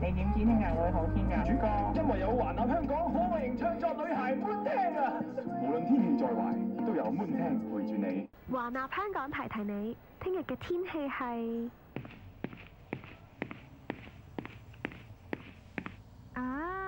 你點知聽日會好天㗎？主角因為有華納香港可愛型唱作女孩悶聽啊！無論天氣再壞，都有悶聽陪住你。華納香港提提你，聽日嘅天氣係啊！